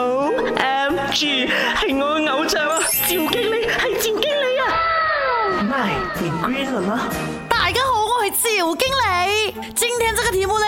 O M G，係我嘅偶像啊！趙經理係趙經理啊！My g r e e 大家好，我係趙經理，今天這個題目咧。